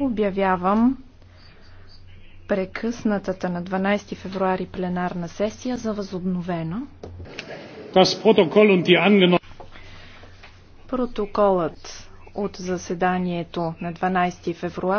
Обявявам прекъснатата на 12 февруари пленарна сесия за възобновена. Протоколът от заседанието на 12 февруари